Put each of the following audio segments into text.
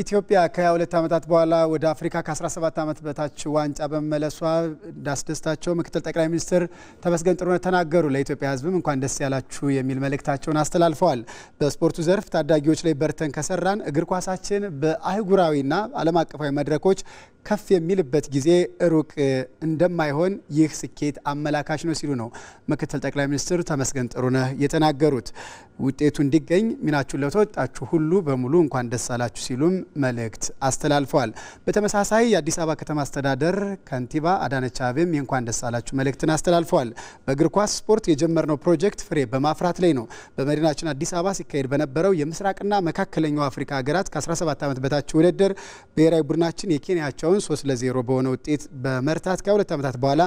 ኢትዮጵያ ከ22 ዓመታት በኋላ ወደ አፍሪካ ከ17 ዓመት በታች ዋንጫ በመመለሷ እንዳስደስታቸው ምክትል ጠቅላይ ሚኒስትር ተመስገን ጥሩነህ ተናገሩ። ለኢትዮጵያ ሕዝብም እንኳን ደስ ያላችሁ የሚል መልእክታቸውን አስተላልፈዋል። በስፖርቱ ዘርፍ ታዳጊዎች ላይ በርተን ከሰራን እግር ኳሳችን በአህጉራዊና ዓለም አቀፋዊ መድረኮች ከፍ የሚልበት ጊዜ ሩቅ እንደማይሆን ይህ ስኬት አመላካች ነው ሲሉ ነው ምክትል ጠቅላይ ሚኒስትር ተመስገን ጥሩነህ የተናገሩት። ውጤቱ እንዲገኝ ሚናችሁን ለተወጣችሁ ሁሉ በሙሉ እንኳን ደስ አላችሁ ሲሉም መልእክት አስተላልፈዋል። በተመሳሳይ የአዲስ አበባ ከተማ አስተዳደር ከንቲባ አዳነች አቤቤም የእንኳን ደስ አላችሁ መልእክትን አስተላልፈዋል። በእግር ኳስ ስፖርት የጀመርነው ፕሮጀክት ፍሬ በማፍራት ላይ ነው። በመዲናችን አዲስ አበባ ሲካሄድ በነበረው የምስራቅና መካከለኛው አፍሪካ ሀገራት ከ17 ዓመት በታች ውድድር ብሔራዊ ቡድናችን የኬንያቸውን 3 ለ0 በሆነ ውጤት በመርታት ከሁለት ዓመታት በኋላ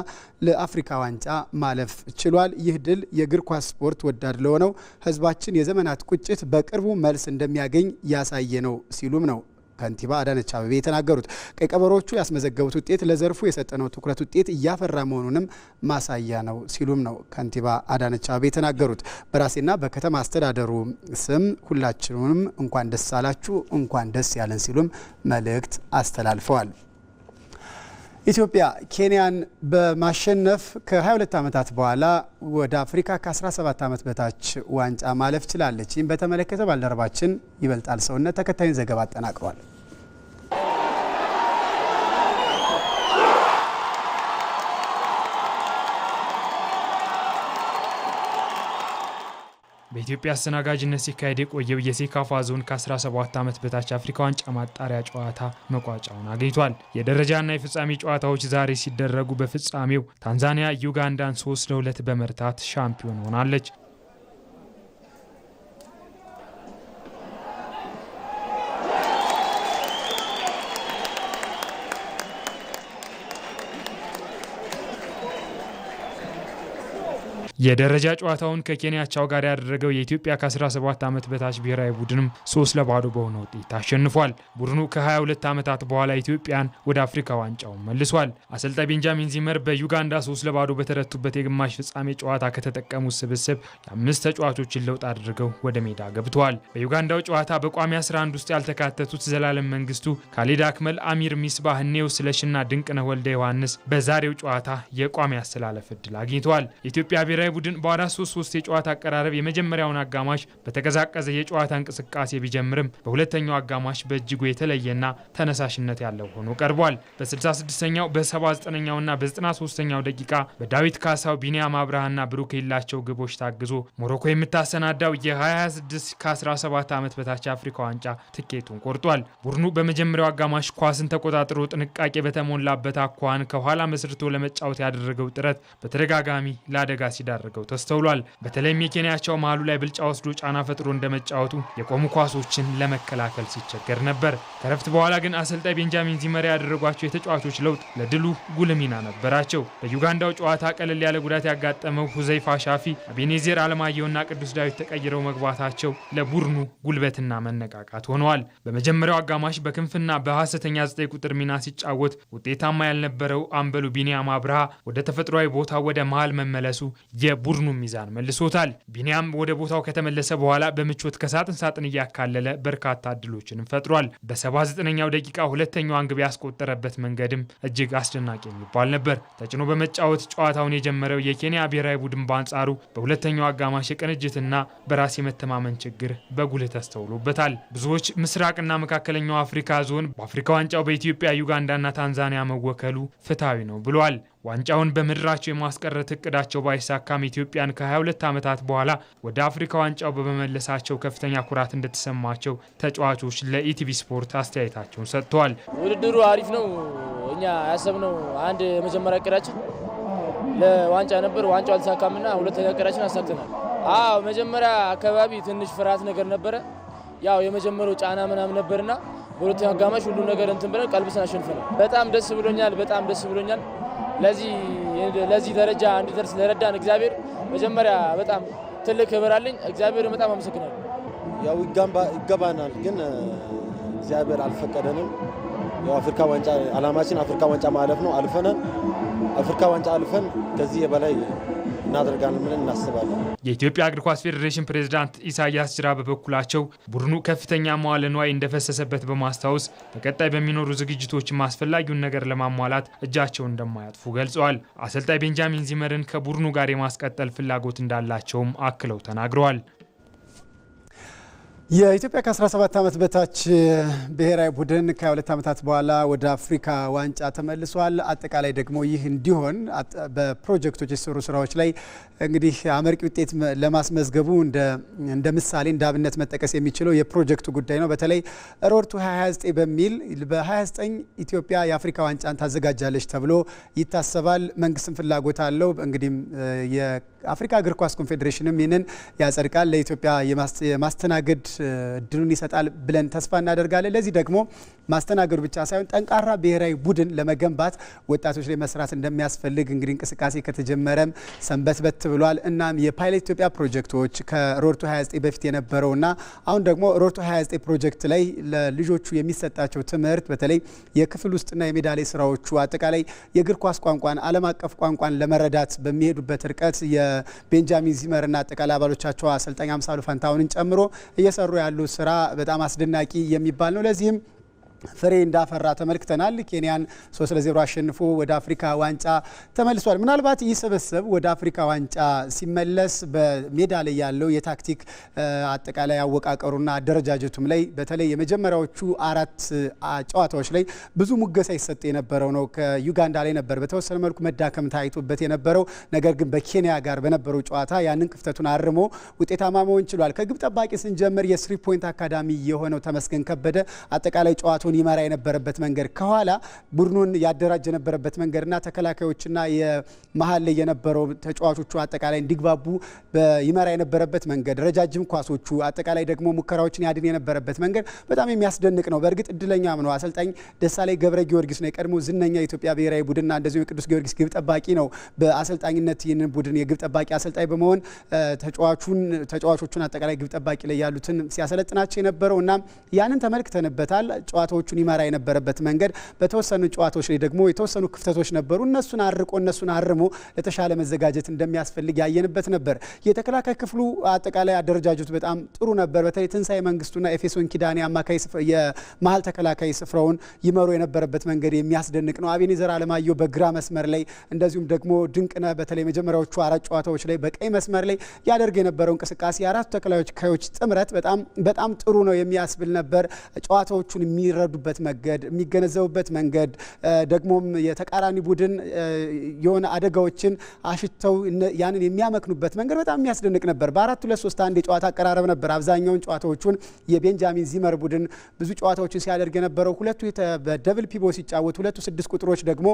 ለአፍሪካ ዋንጫ ማለፍ ችሏል። ይህ ድል የእግር ኳስ ስፖርት ወዳድ ለሆነው ህዝባችን የሕዝባችን የዘመናት ቁጭት በቅርቡ መልስ እንደሚያገኝ ያሳየ ነው ሲሉም ነው ከንቲባ አዳነች አበቤ የተናገሩት ቀይ ቀበሮቹ ያስመዘገቡት ውጤት ለዘርፉ የሰጠነው ትኩረት ውጤት እያፈራ መሆኑንም ማሳያ ነው ሲሉም ነው ከንቲባ አዳነች አበቤ የተናገሩት። በራሴና በከተማ አስተዳደሩ ስም ሁላችሁንም እንኳን ደስ አላችሁ፣ እንኳን ደስ ያለን ሲሉም መልእክት አስተላልፈዋል። ኢትዮጵያ ኬንያን በማሸነፍ ከ22 ዓመታት በኋላ ወደ አፍሪካ ከ17 ዓመት በታች ዋንጫ ማለፍ ችላለች። ይህም በተመለከተ ባልደረባችን ይበልጣል ሰውነት ተከታዩን ዘገባ አጠናቅሯል። በኢትዮጵያ አስተናጋጅነት ሲካሄድ የቆየው የሴካፋ ዞን ከ17 ዓመት በታች አፍሪካ ዋንጫ ማጣሪያ ጨዋታ መቋጫውን አግኝቷል። የደረጃና የፍጻሜ ጨዋታዎች ዛሬ ሲደረጉ በፍጻሜው ታንዛኒያ ዩጋንዳን 3 ለሁለት በመርታት ሻምፒዮን ሆናለች። የደረጃ ጨዋታውን ከኬንያቻው ጋር ያደረገው የኢትዮጵያ ከ17 ዓመት በታች ብሔራዊ ቡድንም ሶስት ለባዶ በሆነ ውጤት አሸንፏል። ቡድኑ ከ22 ዓመታት በኋላ ኢትዮጵያን ወደ አፍሪካ ዋንጫው መልሷል። አሰልጣኝ ቤንጃሚን ዚመር በዩጋንዳ ሶስት ለባዶ በተረቱበት የግማሽ ፍጻሜ ጨዋታ ከተጠቀሙት ስብስብ የአምስት ተጫዋቾችን ለውጥ አድርገው ወደ ሜዳ ገብተዋል። በዩጋንዳው ጨዋታ በቋሚ 11 ውስጥ ያልተካተቱት ዘላለም መንግስቱ፣ ካሌድ አክመል፣ አሚር ሚስባህ፣ ኔው ስለሽና ድንቅነህ ወልደ ዮሐንስ በዛሬው ጨዋታ የቋሚ አሰላለፍ እድል አግኝተዋል። ኢትዮጵያ ብሔራዊ ብሔራዊ ቡድን በአራት ሶስት ሶስት የጨዋታ አቀራረብ የመጀመሪያውን አጋማሽ በተቀዛቀዘ የጨዋታ እንቅስቃሴ ቢጀምርም በሁለተኛው አጋማሽ በእጅጉ የተለየና ተነሳሽነት ያለው ሆኖ ቀርቧል። በ66ኛው በ79ኛውና በ93ኛው ደቂቃ በዳዊት ካሳው፣ ቢኒያም አብርሃና ብሩክ የላቸው ግቦች ታግዞ ሞሮኮ የምታሰናዳው የ26 ከ17 ዓመት በታች የአፍሪካ ዋንጫ ትኬቱን ቆርጧል። ቡድኑ በመጀመሪያው አጋማሽ ኳስን ተቆጣጥሮ ጥንቃቄ በተሞላበት አኳኋን ከኋላ መስርቶ ለመጫወት ያደረገው ጥረት በተደጋጋሚ ለአደጋ ሲዳ እንዳደረገው ተስተውሏል። በተለይም የኬንያቸው መሀሉ ላይ ብልጫ ወስዶ ጫና ፈጥሮ እንደመጫወቱ የቆሙ ኳሶችን ለመከላከል ሲቸገር ነበር። ከረፍት በኋላ ግን አሰልጣኝ ቤንጃሚን ዚመሪ ያደረጓቸው የተጫዋቾች ለውጥ ለድሉ ጉልህ ሚና ነበራቸው። በዩጋንዳው ጨዋታ ቀለል ያለ ጉዳት ያጋጠመው ሁዘይፋ ሻፊ፣ አቤኔዜር አለማየሁና ቅዱስ ዳዊት ተቀይረው መግባታቸው ለቡድኑ ጉልበትና መነቃቃት ሆነዋል። በመጀመሪያው አጋማሽ በክንፍና በሐሰተኛ 9 ቁጥር ሚና ሲጫወት ውጤታማ ያልነበረው አምበሉ ቢኒያም አብርሃ ወደ ተፈጥሯዊ ቦታ ወደ መሃል መመለሱ የቡድኑ ሚዛን መልሶታል። ቢኒያም ወደ ቦታው ከተመለሰ በኋላ በምቾት ከሳጥን ሳጥን እያካለለ በርካታ እድሎችንም ፈጥሯል። በ79ኛው ደቂቃ ሁለተኛዋን ግብ ያስቆጠረበት መንገድም እጅግ አስደናቂ የሚባል ነበር። ተጭኖ በመጫወት ጨዋታውን የጀመረው የኬንያ ብሔራዊ ቡድን በአንጻሩ በሁለተኛው አጋማሽ የቅንጅትና በራስ የመተማመን ችግር በጉልህ ተስተውሎበታል። ብዙዎች ምስራቅና መካከለኛው አፍሪካ ዞን በአፍሪካ ዋንጫው በኢትዮጵያ ዩጋንዳና ታንዛኒያ መወከሉ ፍትሐዊ ነው ብለዋል። ዋንጫውን በምድራቸው የማስቀረት እቅዳቸው ባይሳካም ኢትዮጵያን ከ22 ዓመታት በኋላ ወደ አፍሪካ ዋንጫው በመመለሳቸው ከፍተኛ ኩራት እንደተሰማቸው ተጫዋቾች ለኢቲቪ ስፖርት አስተያየታቸውን ሰጥተዋል። ውድድሩ አሪፍ ነው። እኛ ያሰብነው አንድ የመጀመሪያ እቅዳችን ለዋንጫ ነበር። ዋንጫው አልተሳካምና ሁለተኛ እቅዳችን አሳክተናል። አዎ መጀመሪያ አካባቢ ትንሽ ፍርሃት ነገር ነበረ። ያው የመጀመሪያው ጫና ምናምን ነበርና በሁለተኛው አጋማሽ ሁሉ ነገር እንትን ብለን ቀልብሰን አሸንፈናል። በጣም ደስ ብሎኛል። በጣም ደስ ብሎኛል። ለዚህ ደረጃ እንዲደርስ ለረዳን እግዚአብሔር መጀመሪያ በጣም ትልቅ ክብር አለኝ። እግዚአብሔር በጣም አመሰግናለሁ። ያው ይገባናል፣ ግን እግዚአብሔር አልፈቀደንም። ያው አፍሪካ ዋንጫ አላማችን አፍሪካ ዋንጫ ማለፍ ነው። አልፈነን አፍሪካ ዋንጫ አልፈን ከዚህ የበላይ እናደርጋለን ብለን እናስባለን። የኢትዮጵያ እግር ኳስ ፌዴሬሽን ፕሬዝዳንት ኢሳያስ ጅራ በበኩላቸው ቡድኑ ከፍተኛ መዋለ ንዋይ እንደፈሰሰበት በማስታወስ በቀጣይ በሚኖሩ ዝግጅቶችም አስፈላጊውን ነገር ለማሟላት እጃቸውን እንደማያጥፉ ገልጸዋል። አሰልጣኝ ቤንጃሚን ዚመርን ከቡድኑ ጋር የማስቀጠል ፍላጎት እንዳላቸውም አክለው ተናግረዋል። የኢትዮጵያ ከ17 ዓመት በታች ብሔራዊ ቡድን ከ22 ዓመታት በኋላ ወደ አፍሪካ ዋንጫ ተመልሷል። አጠቃላይ ደግሞ ይህ እንዲሆን በፕሮጀክቶች የተሰሩ ስራዎች ላይ እንግዲህ አመርቂ ውጤት ለማስመዝገቡ እንደ ምሳሌ እንደ አብነት መጠቀስ የሚችለው የፕሮጀክቱ ጉዳይ ነው። በተለይ ሮርቱ ቱ በሚል በ29 ኢትዮጵያ የአፍሪካ ዋንጫን ታዘጋጃለች ተብሎ ይታሰባል። መንግስትም ፍላጎት አለው። እንግዲህ አፍሪካ እግር ኳስ ኮንፌዴሬሽንም ይህንን ያጸድቃል፣ ለኢትዮጵያ የማስተናገድ እድሉን ይሰጣል ብለን ተስፋ እናደርጋለን። ለዚህ ደግሞ ማስተናገዱ ብቻ ሳይሆን ጠንካራ ብሔራዊ ቡድን ለመገንባት ወጣቶች ላይ መስራት እንደሚያስፈልግ እንግዲህ እንቅስቃሴ ከተጀመረም በት ብሏል። እናም የፓይለት ኢትዮጵያ ፕሮጀክቶች ከሮርቱ 29 በፊት የነበረውና አሁን ደግሞ ሮርቱ 29 ፕሮጀክት ላይ ለልጆቹ የሚሰጣቸው ትምህርት በተለይ የክፍል ውስጥና የሜዳ ላይ ስራዎቹ አጠቃላይ የእግር ኳስ ቋንቋን ዓለም አቀፍ ቋንቋን ለመረዳት በሚሄዱበት ርቀት የቤንጃሚን ዚመርና አጠቃላይ አባሎቻቸው አሰልጣኝ አምሳሉ ፈንታውንን ጨምሮ እየሰሩ ያሉ ስራ በጣም አስደናቂ የሚባል ነው። ለዚህም ፍሬ እንዳፈራ ተመልክተናል። ኬንያን 3 ለ0 አሸንፎ ወደ አፍሪካ ዋንጫ ተመልሷል። ምናልባት ይህ ስብስብ ወደ አፍሪካ ዋንጫ ሲመለስ በሜዳ ላይ ያለው የታክቲክ አጠቃላይ አወቃቀሩና አደረጃጀቱም ላይ በተለይ የመጀመሪያዎቹ አራት ጨዋታዎች ላይ ብዙ ሙገሳ ይሰጥ የነበረው ነው። ከዩጋንዳ ላይ ነበር በተወሰነ መልኩ መዳከም ታይቶበት የነበረው ነገር ግን በኬንያ ጋር በነበረው ጨዋታ ያንን ክፍተቱን አርሞ ውጤታማ መሆን ችሏል። ከግብ ጠባቂ ስንጀምር የስሪ ፖይንት አካዳሚ የሆነው ተመስገን ከበደ አጠቃላይ ጨዋታ ጨዋታውን ይመራ የነበረበት መንገድ ከኋላ ቡድኑን ያደራጅ የነበረበት መንገድና ተከላካዮችና መሀል ላይ የነበረው ተጫዋቾቹ አጠቃላይ እንዲግባቡ ይመራ የነበረበት መንገድ፣ ረጃጅም ኳሶቹ አጠቃላይ ደግሞ ሙከራዎችን ያድን የነበረበት መንገድ በጣም የሚያስደንቅ ነው። በእርግጥ እድለኛም ነው። አሰልጣኝ ደሳለኝ ገብረ ጊዮርጊስ ነው የቀድሞ ዝነኛ የኢትዮጵያ ብሔራዊ ቡድንና እንደዚሁ የቅዱስ ጊዮርጊስ ግብ ጠባቂ ነው። በአሰልጣኝነት ይህንን ቡድን የግብ ጠባቂ አሰልጣኝ በመሆን ተጫዋቹን ተጫዋቾቹን አጠቃላይ ግብ ጠባቂ ላይ ያሉትን ሲያሰለጥናቸው የነበረው እና ያንን ተመልክተንበታል ጨዋታ ጨዋታዎቹን ይመራ የነበረበት መንገድ፣ በተወሰኑ ጨዋታዎች ላይ ደግሞ የተወሰኑ ክፍተቶች ነበሩ። እነሱን አርቆ እነሱን አርሞ ለተሻለ መዘጋጀት እንደሚያስፈልግ ያየንበት ነበር። የተከላካይ ክፍሉ አጠቃላይ አደረጃጀቱ በጣም ጥሩ ነበር። በተለይ ትንሳኤ መንግስቱና ኤፌሶን ኪዳኔ አማካይ የመሀል ተከላካይ ስፍራውን ይመሩ የነበረበት መንገድ የሚያስደንቅ ነው። አቤኔዘር አለማየሁ በግራ መስመር ላይ እንደዚሁም ደግሞ ድንቅነ በተለይ መጀመሪያዎቹ አራት ጨዋታዎች ላይ በቀይ መስመር ላይ ያደርግ የነበረው እንቅስቃሴ የአራቱ ተከላካዮች ጥምረት በጣም በጣም ጥሩ ነው የሚያስብል ነበር። ጨዋታዎቹን የሚረ የሚረዱበት መንገድ፣ የሚገነዘቡበት መንገድ ደግሞም የተቃራኒ ቡድን የሆነ አደጋዎችን አሽተው ያንን የሚያመክኑበት መንገድ በጣም የሚያስደንቅ ነበር። በአራት ሁለት ሶስት አንድ የጨዋታ አቀራረብ ነበር። አብዛኛውን ጨዋታዎቹን የቤንጃሚን ዚመር ቡድን ብዙ ጨዋታዎችን ሲያደርግ የነበረው ሁለቱ በደብል ፒቦ ሲጫወት ሁለቱ ስድስት ቁጥሮች ደግሞ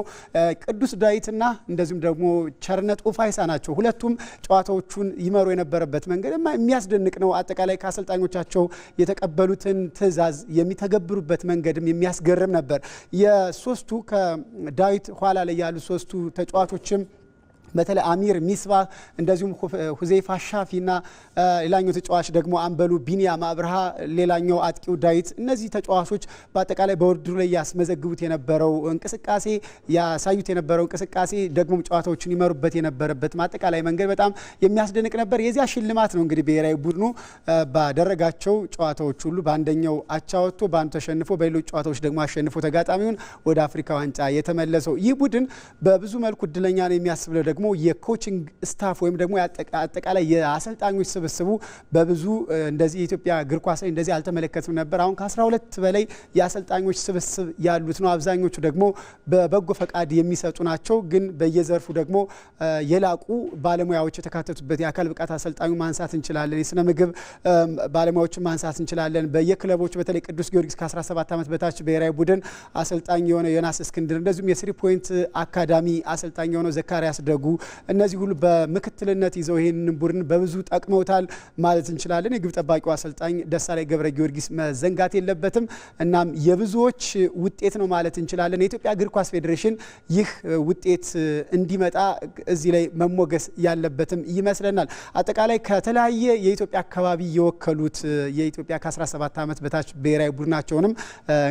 ቅዱስ ዳዊትና እንደዚሁም ደግሞ ቸርነት ኡፋይሳ ናቸው። ሁለቱም ጨዋታዎቹን ይመሩ የነበረበት መንገድ የሚያስደንቅ ነው። አጠቃላይ ከአሰልጣኞቻቸው የተቀበሉትን ትዕዛዝ የሚተገብሩበት መንገድ መንገድም የሚያስገርም ነበር። የሶስቱ ከዳዊት ኋላ ላይ ያሉ ሶስቱ ተጫዋቾችም በተለይ አሚር ሚስባ እንደዚሁም ሁዜይፋ ሻፊና ሌላኛው ተጫዋች ደግሞ አንበሉ ቢኒያም አብርሃ ሌላኛው አጥቂው ዳዊት እነዚህ ተጫዋቾች በአጠቃላይ በውድድሩ ላይ ያስመዘግቡት የነበረው እንቅስቃሴ ያሳዩት የነበረው እንቅስቃሴ ደግሞ ጨዋታዎችን ይመሩበት የነበረበት አጠቃላይ መንገድ በጣም የሚያስደንቅ ነበር። የዚያ ሽልማት ነው እንግዲህ ብሔራዊ ቡድኑ ባደረጋቸው ጨዋታዎች ሁሉ በአንደኛው አቻ ወጥቶ በአንዱ ተሸንፎ በሌሎች ጨዋታዎች ደግሞ አሸንፎ ተጋጣሚውን ወደ አፍሪካ ዋንጫ የተመለሰው ይህ ቡድን በብዙ መልኩ እድለኛ ነው የሚያስብለው ደግሞ ደግሞ የኮችንግ ስታፍ ወይም ደግሞ አጠቃላይ የአሰልጣኞች ስብስቡ በብዙ እንደዚህ የኢትዮጵያ እግር ኳስ ላይ እንደዚህ አልተመለከትም ነበር። አሁን ከ12 በላይ የአሰልጣኞች ስብስብ ያሉት ነው። አብዛኞቹ ደግሞ በበጎ ፈቃድ የሚሰጡ ናቸው። ግን በየዘርፉ ደግሞ የላቁ ባለሙያዎች የተካተቱበት የአካል ብቃት አሰልጣኙ ማንሳት እንችላለን። የስነ ምግብ ባለሙያዎችን ማንሳት እንችላለን። በየክለቦች በተለይ ቅዱስ ጊዮርጊስ ከ17 ዓመት በታች ብሔራዊ ቡድን አሰልጣኝ የሆነ ዮናስ እስክንድር፣ እንደዚሁም የስሪ ፖይንት አካዳሚ አሰልጣኝ የሆነው ዘካሪያስ ደጉ እነዚህ ሁሉ በምክትልነት ይዘው ይህንን ቡድን በብዙ ጠቅመውታል ማለት እንችላለን። የግብ ጠባቂው አሰልጣኝ ደሳላይ ገብረ ጊዮርጊስ መዘንጋት የለበትም። እናም የብዙዎች ውጤት ነው ማለት እንችላለን። የኢትዮጵያ እግር ኳስ ፌዴሬሽን ይህ ውጤት እንዲመጣ እዚህ ላይ መሞገስ ያለበትም ይመስለናል። አጠቃላይ ከተለያየ የኢትዮጵያ አካባቢ የወከሉት የኢትዮጵያ ከ17 ዓመት በታች ብሔራዊ ቡድናቸውንም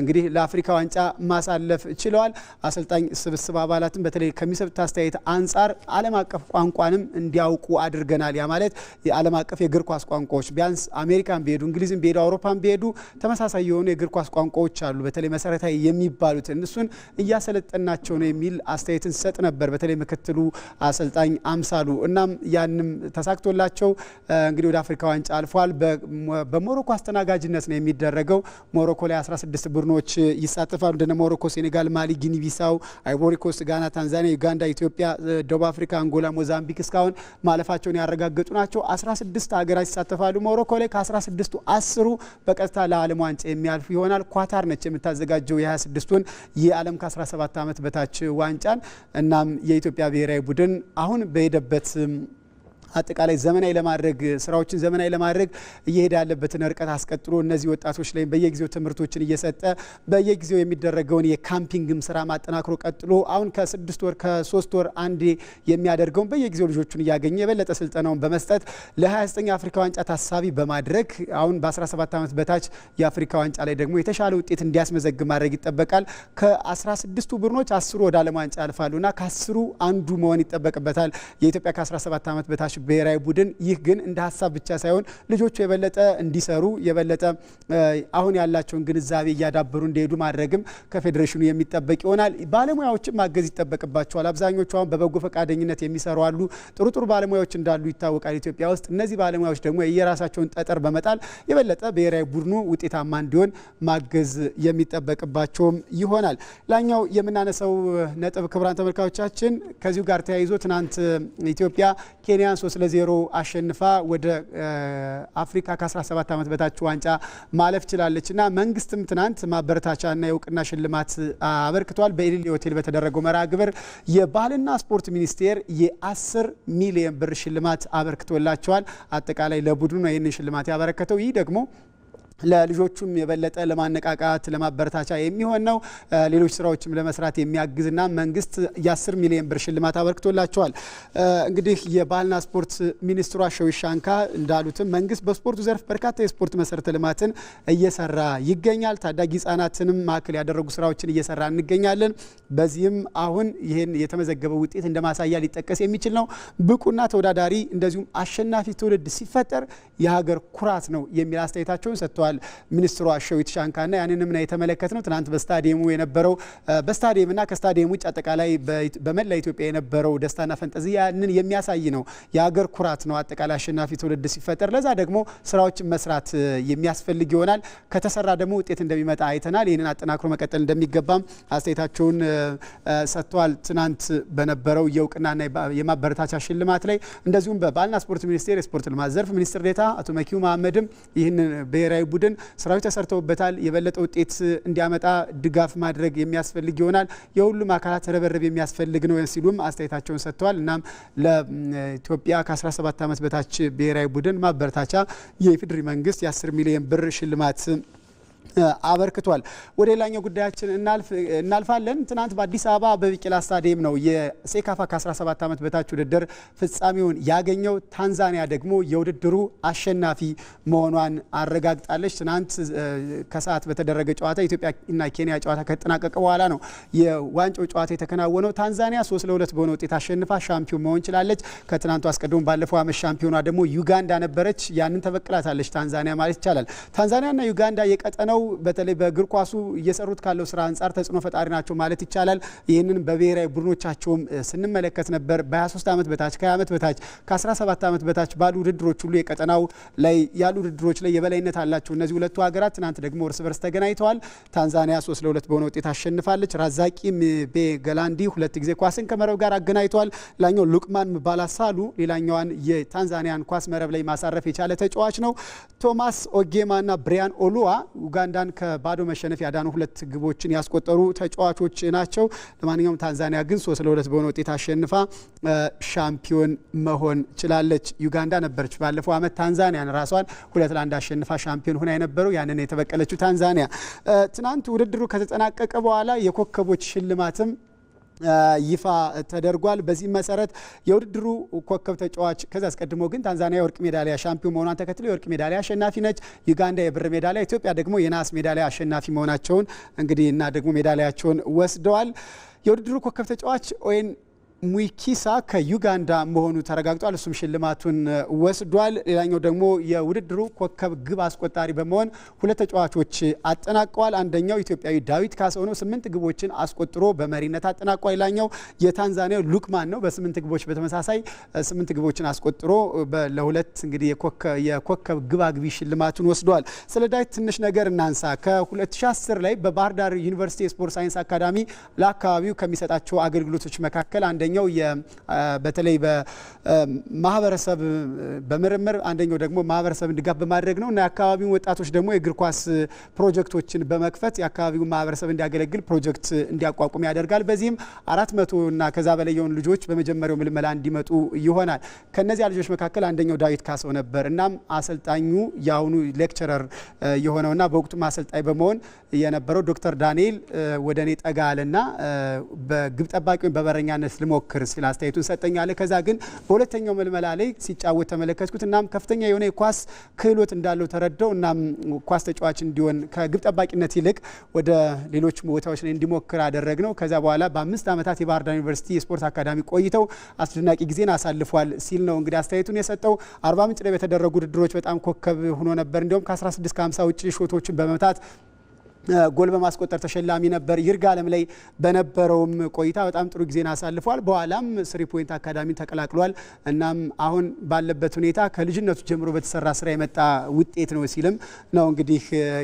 እንግዲህ ለአፍሪካ ዋንጫ ማሳለፍ ችለዋል። አሰልጣኝ ስብስብ አባላትም በተለይ ከሚሰጡት አስተያየት አንጻር ዓለም አቀፍ ቋንቋንም እንዲያውቁ አድርገናል። ያ ማለት የዓለም አቀፍ የእግር ኳስ ቋንቋዎች ቢያንስ አሜሪካን ቢሄዱ እንግሊዝም ቢሄዱ አውሮፓን ቢሄዱ ተመሳሳይ የሆኑ የእግር ኳስ ቋንቋዎች አሉ። በተለይ መሰረታዊ የሚባሉት እነሱን እያሰለጠናቸው ነው የሚል አስተያየትን ሰጥ ነበር፣ በተለይ ምክትሉ አሰልጣኝ አምሳሉ። እናም ያንም ተሳክቶላቸው እንግዲህ ወደ አፍሪካ ዋንጫ አልፏል። በሞሮኮ አስተናጋጅነት ነው የሚደረገው። ሞሮኮ ላይ 16 ቡድኖች ይሳተፋሉ። እንደነ ሞሮኮ፣ ሴኔጋል፣ ማሊ፣ ጊኒ ቢሳው፣ አይቮሪኮስት፣ ጋና፣ ታንዛኒያ፣ ዩጋንዳ፣ ኢትዮጵያ፣ ደቡብ አፍሪካ፣ አንጎላ፣ ሞዛምቢክ እስካሁን ማለፋቸውን ያረጋገጡ ናቸው። 16 ሀገራት ይሳተፋሉ። ሞሮኮ ላይ ከ16ቱ አስሩ በቀጥታ ለዓለም ዋንጫ የሚያልፉ ይሆናል። ኳታር ነች የምታዘጋጀው የ26ቱን የዓለም ከ17 ዓመት በታች ዋንጫን። እናም የኢትዮጵያ ብሔራዊ ቡድን አሁን በሄደበት አጠቃላይ ዘመናዊ ለማድረግ ስራዎችን ዘመናዊ ለማድረግ እየሄደ ያለበትን ርቀት አስቀጥሎ እነዚህ ወጣቶች ላይ በየጊዜው ትምህርቶችን እየሰጠ በየጊዜው የሚደረገውን የካምፒንግም ስራ ማጠናክሮ ቀጥሎ አሁን ከስድስት ወር ከሶስት ወር አንዴ የሚያደርገውን በየጊዜው ልጆቹን እያገኘ የበለጠ ስልጠናውን በመስጠት ለ29 አፍሪካ ዋንጫ ታሳቢ በማድረግ አሁን በ17 ዓመት በታች የአፍሪካ ዋንጫ ላይ ደግሞ የተሻለ ውጤት እንዲያስመዘግብ ማድረግ ይጠበቃል። ከ16ቱ ቡድኖች አስሩ ወደ ዓለም ዋንጫ ያልፋሉና ከአስሩ አንዱ መሆን ይጠበቅበታል። የኢትዮጵያ ከ17 ዓመት በታች ብሔራዊ ቡድን ይህ ግን እንደ ሀሳብ ብቻ ሳይሆን ልጆቹ የበለጠ እንዲሰሩ የበለጠ አሁን ያላቸውን ግንዛቤ እያዳበሩ እንዲሄዱ ማድረግም ከፌዴሬሽኑ የሚጠበቅ ይሆናል። ባለሙያዎችም ማገዝ ይጠበቅባቸዋል። አብዛኞቹ አሁን በበጎ ፈቃደኝነት የሚሰሩ አሉ። ጥሩ ጥሩ ባለሙያዎች እንዳሉ ይታወቃል ኢትዮጵያ ውስጥ። እነዚህ ባለሙያዎች ደግሞ የራሳቸውን ጠጠር በመጣል የበለጠ ብሔራዊ ቡድኑ ውጤታማ እንዲሆን ማገዝ የሚጠበቅባቸውም ይሆናል። ላኛው የምናነሳው ነጥብ ክቡራን ተመልካቾቻችን ከዚሁ ጋር ተያይዞ ትናንት ኢትዮጵያ ኬንያን ሶስት ለዜሮ አሸንፋ ወደ አፍሪካ ከ17 ዓመት በታች ዋንጫ ማለፍ ችላለች እና መንግስትም ትናንት ማበረታቻና የእውቅና ሽልማት አበርክቷል። በኢሊሊ ሆቴል በተደረገው መርሃ ግብር የባህልና ስፖርት ሚኒስቴር የ10 ሚሊዮን ብር ሽልማት አበርክቶላቸዋል። አጠቃላይ ለቡድኑ ነው ይህንን ሽልማት ያበረከተው። ይህ ደግሞ ለልጆቹም የበለጠ ለማነቃቃት ለማበረታቻ የሚሆን ነው። ሌሎች ስራዎችም ለመስራት የሚያግዝና መንግስት የ10 ሚሊዮን ብር ሽልማት አበርክቶላቸዋል። እንግዲህ የባህልና ስፖርት ሚኒስትሩ አሸዊ ሻንካ እንዳሉትም መንግስት በስፖርቱ ዘርፍ በርካታ የስፖርት መሰረተ ልማትን እየሰራ ይገኛል። ታዳጊ ህጻናትንም ማዕከል ያደረጉ ስራዎችን እየሰራ እንገኛለን። በዚህም አሁን ይህን የተመዘገበ ውጤት እንደማሳያ ሊጠቀስ የሚችል ነው። ብቁና ተወዳዳሪ እንደዚሁም አሸናፊ ትውልድ ሲፈጠር የሀገር ኩራት ነው የሚል አስተያየታቸውን ሰጥተዋል። ተናግረዋል ሚኒስትሩ አሸዊት ሻንካና ያንንም ነው ትናንት በስታዲየሙ የነበረው ና ከስታዲየም ውጭ አጠቃላይ በመላ ኢትዮጵያ የነበረው ደስታና ፈንጠዚ ያንን የሚያሳይ ነው። የሀገር ኩራት ነው። አጠቃላይ አሸናፊ ትውልድ ሲፈጠር ለዛ ደግሞ ስራዎችን መስራት የሚያስፈልግ ይሆናል። ከተሰራ ደግሞ ውጤት እንደሚመጣ አይተናል። ይህንን አጠናክሮ መቀጠል እንደሚገባም አስተያየታቸውን ሰጥተዋል። ትናንት በነበረው የእውቅናና የማበረታቻ ሽልማት ላይ እንደዚሁም በባልና ስፖርት ሚኒስቴር የስፖርት ልማት ዘርፍ ሚኒስትር ዴታ አቶ መኪው መሀመድም ይህንን ብሔራዊ ቡድን ቡድን ስራዎች ተሰርተውበታል። የበለጠ ውጤት እንዲያመጣ ድጋፍ ማድረግ የሚያስፈልግ ይሆናል። የሁሉም አካላት ርብርብ የሚያስፈልግ ነው ሲሉም አስተያየታቸውን ሰጥተዋል። እናም ለኢትዮጵያ ከ17 ዓመት በታች ብሔራዊ ቡድን ማበረታቻ የኢፌዴሪ መንግስት የ10 ሚሊዮን ብር ሽልማት አበርክቷል። ወደ ሌላኛው ጉዳያችን እናልፋለን። ትናንት በአዲስ አበባ በቢቂላ ስታዲየም ነው የሴካፋ ከ17 ዓመት በታች ውድድር ፍጻሜውን ያገኘው። ታንዛኒያ ደግሞ የውድድሩ አሸናፊ መሆኗን አረጋግጣለች። ትናንት ከሰዓት በተደረገ ጨዋታ ኢትዮጵያ እና ኬንያ ጨዋታ ከተጠናቀቀ በኋላ ነው የዋንጫው ጨዋታ የተከናወነው። ታንዛኒያ ሶስት ለሁለት በሆነ ውጤት አሸንፋ ሻምፒዮን መሆን ችላለች። ከትናንቱ አስቀድሞ ባለፈው ዓመት ሻምፒዮኗ ደግሞ ዩጋንዳ ነበረች። ያንን ተበቅላታለች ታንዛኒያ ማለት ይቻላል። ታንዛኒያና ዩጋንዳ የቀጠነው በተለይ በእግር ኳሱ እየሰሩት ካለው ስራ አንጻር ተጽዕኖ ፈጣሪ ናቸው ማለት ይቻላል። ይህንን በብሔራዊ ቡድኖቻቸውም ስንመለከት ነበር። በ23 ዓመት በታች ከ20 ዓመት በታች ከ17 ዓመት በታች ባሉ ውድድሮች ሁሉ የቀጠናው ላይ ያሉ ውድድሮች ላይ የበላይነት አላቸው እነዚህ ሁለቱ ሀገራት። ትናንት ደግሞ እርስ በርስ ተገናኝተዋል። ታንዛኒያ 3 ለ2 በሆነ ውጤት አሸንፋለች። ራዛቂ ምቤገላንዲ ሁለት ጊዜ ኳስን ከመረብ ጋር አገናኝተዋል። ላኛው ሉቅማን ምባላ ሳሉ ሌላኛዋን የታንዛኒያን ኳስ መረብ ላይ ማሳረፍ የቻለ ተጫዋች ነው። ቶማስ ኦጌማ እና ብሪያን ኦሉዋ ኡጋንዳን ከባዶ መሸነፍ ያዳኑ ሁለት ግቦችን ያስቆጠሩ ተጫዋቾች ናቸው። ለማንኛውም ታንዛኒያ ግን ሶስት ለሁለት በሆነ ውጤት አሸንፋ ሻምፒዮን መሆን ችላለች። ዩጋንዳ ነበረች ባለፈው ዓመት ታንዛኒያን ራሷን ሁለት ለአንድ አሸንፋ ሻምፒዮን ሆና የነበረው ያንን የተበቀለችው ታንዛኒያ። ትናንት ውድድሩ ከተጠናቀቀ በኋላ የኮከቦች ሽልማትም ይፋ ተደርጓል። በዚህም መሰረት የውድድሩ ኮከብ ተጫዋች ከዚ አስቀድሞ ግን ታንዛኒያ የወርቅ ሜዳሊያ ሻምፒዮን መሆኗን ተከትሎ የወርቅ ሜዳሊያ አሸናፊ ነች። ዩጋንዳ የብር ሜዳሊያ፣ ኢትዮጵያ ደግሞ የናስ ሜዳሊያ አሸናፊ መሆናቸውን እንግዲህ እና ደግሞ ሜዳሊያቸውን ወስደዋል። የውድድሩ ኮከብ ተጫዋች ኦዌን ሙኪሳ ከዩጋንዳ መሆኑ ተረጋግጧል። እሱም ሽልማቱን ወስዷል። ሌላኛው ደግሞ የውድድሩ ኮከብ ግብ አስቆጣሪ በመሆን ሁለት ተጫዋቾች አጠናቀዋል። አንደኛው ኢትዮጵያዊ ዳዊት ካሳው ነው፣ ስምንት ግቦችን አስቆጥሮ በመሪነት አጠናቋል። ሌላኛው የታንዛኒያው ሉክማን ነው፣ በስምንት ግቦች በተመሳሳይ ስምንት ግቦችን አስቆጥሮ ለሁለት እንግዲህ የኮከብ ግብ አግቢ ሽልማቱን ወስዷል። ስለ ዳዊት ትንሽ ነገር እናንሳ። ከ2010 ላይ በባህር ዳር ዩኒቨርሲቲ የስፖርት ሳይንስ አካዳሚ ለአካባቢው ከሚሰጣቸው አገልግሎቶች መካከል አንደኛው አንደኛው በተለይ በማህበረሰብ በምርምር አንደኛው ደግሞ ማህበረሰብን ድጋፍ በማድረግ ነው እና የአካባቢውን ወጣቶች ደግሞ የእግር ኳስ ፕሮጀክቶችን በመክፈት የአካባቢውን ማህበረሰብ እንዲያገለግል ፕሮጀክት እንዲያቋቁም ያደርጋል። በዚህም አራት መቶ እና ከዛ በላይ የሆኑ ልጆች በመጀመሪያው ምልመላ እንዲመጡ ይሆናል። ከነዚያ ልጆች መካከል አንደኛው ዳዊት ካሰው ነበር። እናም አሰልጣኙ የአሁኑ ሌክቸረር የሆነውና በወቅቱም አሰልጣኝ በመሆን የነበረው ዶክተር ዳንኤል ወደ እኔ ጠጋ አለና በግብ ጠባቂ ወይም በበረኛነት ልሞ ሞክር ሲል አስተያየቱን ሰጠኛለ። ከዛ ግን በሁለተኛው መልመላ ላይ ሲጫወት ተመለከትኩት። እናም ከፍተኛ የሆነ የኳስ ክህሎት እንዳለው ተረዳው። እናም ኳስ ተጫዋች እንዲሆን ከግብ ጠባቂነት ይልቅ ወደ ሌሎች ቦታዎች ላይ እንዲሞክር አደረግ ነው። ከዛ በኋላ በአምስት ዓመታት የባህር ዳር ዩኒቨርሲቲ የስፖርት አካዳሚ ቆይተው አስደናቂ ጊዜን አሳልፏል ሲል ነው እንግዲህ አስተያየቱን የሰጠው። አርባ ምንጭ ላይ በተደረጉ ውድድሮች በጣም ኮከብ ሆኖ ነበር። እንዲሁም ከ16 ከ50 ውጭ ሾቶችን በመምታት ጎል በማስቆጠር ተሸላሚ ነበር። ይርጋ አለም ላይ በነበረውም ቆይታ በጣም ጥሩ ጊዜን አሳልፏል። በኋላም ስሪ ፖይንት አካዳሚን ተቀላቅሏል። እናም አሁን ባለበት ሁኔታ ከልጅነቱ ጀምሮ በተሰራ ስራ የመጣ ውጤት ነው ሲልም ነው እንግዲህ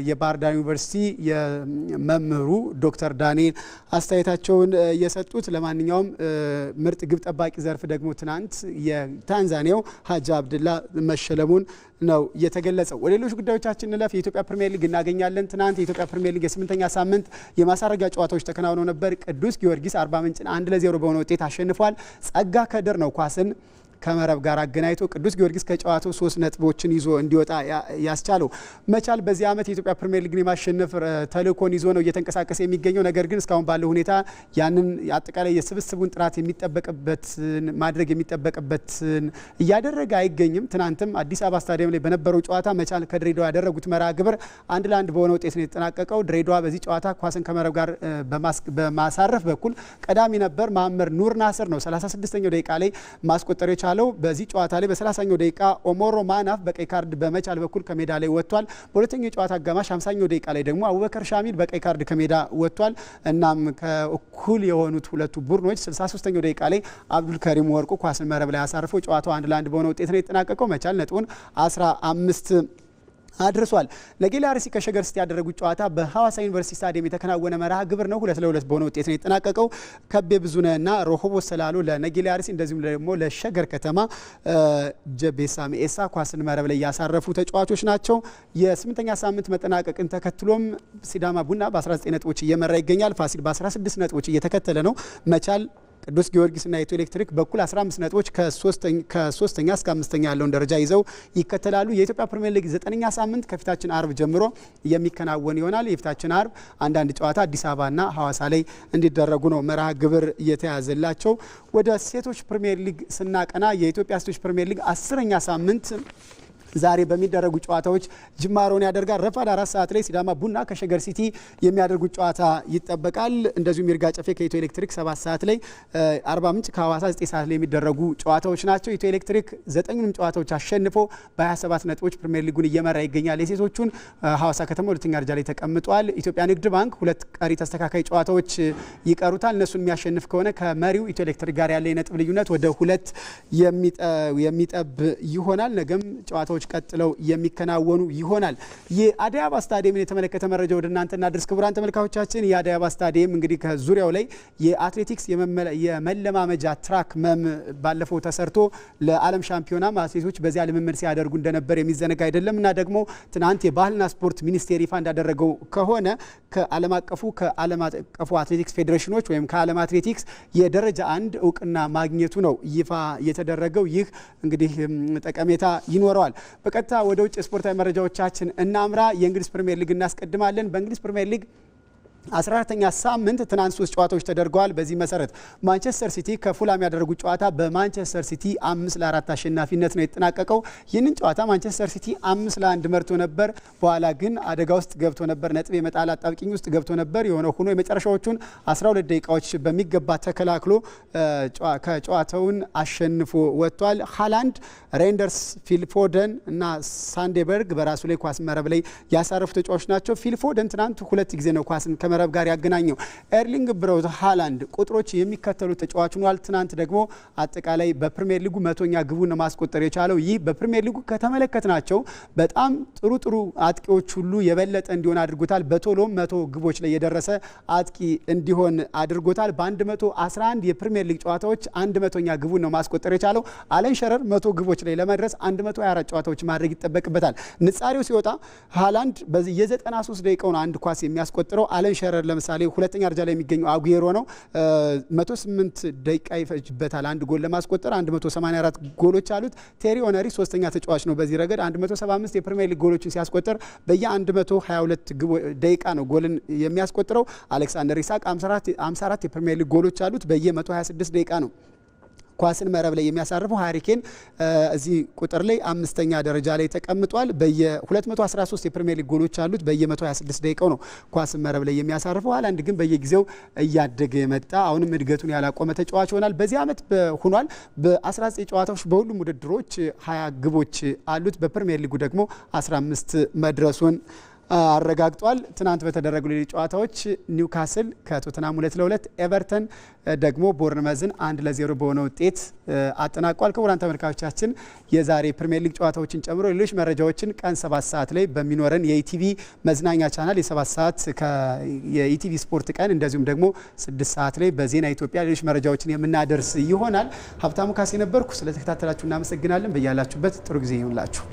የባህር ዳር ዩኒቨርሲቲ የመምህሩ ዶክተር ዳንኤል አስተያየታቸውን የሰጡት። ለማንኛውም ምርጥ ግብ ጠባቂ ዘርፍ ደግሞ ትናንት የታንዛኒያው ሀጂ አብድላ መሸለሙን ነው የተገለጸው። ወደ ሌሎች ጉዳዮቻችን እንለፍ። የኢትዮጵያ ፕሪሚየር ሊግ እናገኛለን። ትናንት የኢትዮጵያ ፕሪሚየር ሊግ የስምንተኛ ሳምንት የማሳረጊያ ጨዋታዎች ተከናውነው ነበር። ቅዱስ ጊዮርጊስ አርባ ምንጭን አንድ ለዜሮ በሆነ ውጤት አሸንፏል። ጸጋ ከድር ነው ኳስን ከመረብ ጋር አገናኝቶ ቅዱስ ጊዮርጊስ ከጨዋታው ሶስት ነጥቦችን ይዞ እንዲወጣ ያስቻለው መቻል በዚህ ዓመት የኢትዮጵያ ፕሪምየር ሊግን የማሸነፍ ተልእኮን ይዞ ነው እየተንቀሳቀሰ የሚገኘው። ነገር ግን እስካሁን ባለው ሁኔታ ያንን አጠቃላይ የስብስቡን ጥራት የሚጠበቅበትን ማድረግ የሚጠበቅበትን እያደረገ አይገኝም። ትናንትም አዲስ አበባ ስታዲየም ላይ በነበረው ጨዋታ መቻል ከድሬዳዋ ያደረጉት መርሃ ግብር አንድ ለአንድ በሆነ ውጤት ነው የተጠናቀቀው። ድሬዳዋ በዚህ ጨዋታ ኳስን ከመረብ ጋር በማሳረፍ በኩል ቀዳሚ ነበር። ማመር ኑር ናስር ነው 36ኛው ደቂቃ ላይ ማስቆጠሪያ የቻለው በዚህ ጨዋታ ላይ በ30ኛው ደቂቃ ኦሞሮ ማናፍ በቀይ ካርድ በመቻል በኩል ከሜዳ ላይ ወጥቷል። በሁለተኛው የጨዋታ አጋማሽ ሀምሳኛው ደቂቃ ላይ ደግሞ አቡበከር ሻሚል በቀይ ካርድ ከሜዳ ወጥቷል። እናም ከእኩል የሆኑት ሁለቱ ቡድኖች 63ኛው ደቂቃ ላይ አብዱል ወርቁ ኳስን መረብ ላይ አሳርፎ ጨዋታው አንድ ለአንድ በሆነ ውጤት ነው የተጠናቀቀው። መቻል ነጥቡን 15 አድርሷል። ለጌላ አርሲ ከሸገር ሲቲ ያደረጉት ጨዋታ በሐዋሳ ዩኒቨርሲቲ ስታዲየም የተከናወነ መርሃ ግብር ነው። ሁለት ለሁለት በሆነ ውጤት ነው የተጠናቀቀው። ከቤ ብዙነህና ሮሆቦ ሰላሎ ለነጌላ አርሲ እንደዚሁም ደግሞ ለሸገር ከተማ ጀቤሳ ሜኤሳ ኳስን መረብ ላይ ያሳረፉ ተጫዋቾች ናቸው። የስምንተኛ ሳምንት መጠናቀቅን ተከትሎም ሲዳማ ቡና በ19 ነጥቦች እየመራ ይገኛል። ፋሲል በ16 ነጥቦች እየተከተለ ነው። መቻል ቅዱስ ጊዮርጊስና ኢትዮ ኤሌክትሪክ በኩል 15 ነጥቦች ከሶስተኛ እስከ አምስተኛ ያለውን ደረጃ ይዘው ይከተላሉ። የኢትዮጵያ ፕሪሚየር ሊግ ዘጠነኛ ሳምንት ከፊታችን አርብ ጀምሮ የሚከናወን ይሆናል። የፊታችን አርብ አንዳንድ ጨዋታ አዲስ አበባና ሐዋሳ ላይ እንዲደረጉ ነው መርሃ ግብር የተያዘላቸው። ወደ ሴቶች ፕሪሚየር ሊግ ስናቀና የኢትዮጵያ ሴቶች ፕሪሚየር ሊግ አስረኛ ሳምንት ዛሬ በሚደረጉ ጨዋታዎች ጅማሮን ያደርጋል። ረፋድ አራት ሰዓት ላይ ሲዳማ ቡና ከሸገር ሲቲ የሚያደርጉት ጨዋታ ይጠበቃል። እንደዚሁም ይርጋ ጨፌ ከኢትዮ ኤሌክትሪክ ሰባት ሰዓት ላይ፣ አርባ ምንጭ ከሀዋሳ ዘጠኝ ሰዓት ላይ የሚደረጉ ጨዋታዎች ናቸው። ኢትዮ ኤሌክትሪክ ዘጠኙንም ጨዋታዎች አሸንፎ በ27 ነጥቦች ፕሪምየር ሊጉን እየመራ ይገኛል። የሴቶቹን ሀዋሳ ከተማ ሁለተኛ ደረጃ ላይ ተቀምጧል። ኢትዮጵያ ንግድ ባንክ ሁለት ቀሪ ተስተካካይ ጨዋታዎች ይቀሩታል። እነሱን የሚያሸንፍ ከሆነ ከመሪው ኢትዮ ኤሌክትሪክ ጋር ያለ የነጥብ ልዩነት ወደ ሁለት የሚጠብ ይሆናል። ነገም ጨዋታዎች ጨዋታዎች ቀጥለው የሚከናወኑ ይሆናል። የአደይ አበባ ስታዲየምን የተመለከተ መረጃ ወደ እናንተ እናድርስ። ክቡራን ተመልካቾቻችን የአደይ አበባ ስታዲየም እንግዲህ ከዙሪያው ላይ የአትሌቲክስ የመለማመጃ ትራክ መም ባለፈው ተሰርቶ ለዓለም ሻምፒዮናም አትሌቶች በዚያ ልምምድ ሲያደርጉ እንደነበር የሚዘነጋ አይደለም እና ደግሞ ትናንት የባህልና ስፖርት ሚኒስቴር ይፋ እንዳደረገው ከሆነ ከዓለም አቀፉ ከዓለም አቀፉ አትሌቲክስ ፌዴሬሽኖች ወይም ከዓለም አትሌቲክስ የደረጃ አንድ እውቅና ማግኘቱ ነው ይፋ የተደረገው። ይህ እንግዲህ ጠቀሜታ ይኖረዋል። በቀጥታ ወደ ውጭ ስፖርታዊ መረጃዎቻችን እናምራ። የእንግሊዝ ፕሪምየር ሊግ እናስቀድማለን። በእንግሊዝ ፕሪምየር ሊግ 14ተኛ ሳምንት ትናንት ሶስት ጨዋታዎች ተደርገዋል። በዚህ መሰረት ማንቸስተር ሲቲ ከፉላም ያደረጉት ጨዋታ በማንቸስተር ሲቲ አምስት ለአራት አሸናፊነት ነው የተጠናቀቀው። ይህንን ጨዋታ ማንቸስተር ሲቲ አምስት ለአንድ መርቶ ነበር። በኋላ ግን አደጋ ውስጥ ገብቶ ነበር፣ ነጥብ የመጣል አጣብቂኝ ውስጥ ገብቶ ነበር። የሆነ ሆኖ የመጨረሻዎቹን 12 ደቂቃዎች በሚገባ ተከላክሎ ከጨዋታውን አሸንፎ ወጥቷል። ሃላንድ፣ ሬንደርስ፣ ፊልፎደን እና ሳንዴበርግ በራሱ ላይ ኳስ መረብ ላይ ያሳረፉ ተጫዋቾች ናቸው። ፊልፎደን ትናንት ሁለት ጊዜ ነው ኳስን መረብ ጋር ያገናኘው ኤርሊንግ ብራውት ሃላንድ ቁጥሮች የሚከተሉ ተጫዋች ሆኗል። ትናንት ደግሞ አጠቃላይ በፕሪሚየር ሊጉ መቶኛ ግቡን ማስቆጠር የቻለው ይህ በፕሪሚየር ሊጉ ከተመለከትናቸው በጣም ጥሩ ጥሩ አጥቂዎች ሁሉ የበለጠ እንዲሆን አድርጎታል። በቶሎም መቶ ግቦች ላይ የደረሰ አጥቂ እንዲሆን አድርጎታል። በ111 የፕሪሚየር ሊግ ጨዋታዎች 100ኛ ግቡን ነው ማስቆጠር የቻለው። አለን ሸረር መቶ ግቦች ላይ ለመድረስ 124 ጨዋታዎች ማድረግ ይጠበቅበታል። ንጻሬው ሲወጣ ሃላንድ በዚህ የ93 ደቂቃውን አንድ ኳስ የሚያስቆጥረው አለን ሸረር ለምሳሌ ሁለተኛ ደረጃ ላይ የሚገኘው አጉሄሮ ነው። 108 ደቂቃ ይፈጅበታል አንድ ጎል ለማስቆጠር 184 ጎሎች አሉት። ቴሪ ኦነሪ ሶስተኛ ተጫዋች ነው። በዚህ ረገድ 175 የፕሪሚየር ሊግ ጎሎችን ሲያስቆጠር በየ122 ደቂቃ ነው ጎልን የሚያስቆጥረው። አሌክሳንደር ኢሳቅ 54 የፕሪሚየር ሊግ ጎሎች አሉት። በየ126 ደቂቃ ነው ኳስን መረብ ላይ የሚያሳርፈው ሀሪኬን እዚህ ቁጥር ላይ አምስተኛ ደረጃ ላይ ተቀምጧል። በየ213 የፕሪሚየር ሊግ ጎሎች አሉት። በየ126 ደቂቃው ነው ኳስን መረብ ላይ የሚያሳርፈው። ሃላንድ ግን በየጊዜው እያደገ የመጣ አሁንም እድገቱን ያላቆመ ተጫዋች ሆናል በዚህ ዓመት ሆኗል። በ19 ጨዋታዎች በሁሉም ውድድሮች 20 ግቦች አሉት። በፕሪሚየር ሊጉ ደግሞ 15 መድረሱን አረጋግጧል። ትናንት በተደረጉ ሌሎች ጨዋታዎች ኒውካስል ከቶተናም ሁለት ለሁለት ኤቨርተን ደግሞ ቦርንመዝን አንድ ለዜሮ በሆነ ውጤት አጠናቋል። ክቡራን ተመልካቾቻችን የዛሬ ፕሪምየር ሊግ ጨዋታዎችን ጨምሮ ሌሎች መረጃዎችን ቀን ሰባት ሰዓት ላይ በሚኖረን የኢቲቪ መዝናኛ ቻናል የሰባት ሰዓት የኢቲቪ ስፖርት ቀን እንደዚሁም ደግሞ ስድስት ሰዓት ላይ በዜና ኢትዮጵያ ሌሎች መረጃዎችን የምናደርስ ይሆናል። ሀብታሙ ካሴ ነበርኩ። ስለተከታተላችሁ እናመሰግናለን። በያላችሁበት ጥሩ ጊዜ ይሁንላችሁ።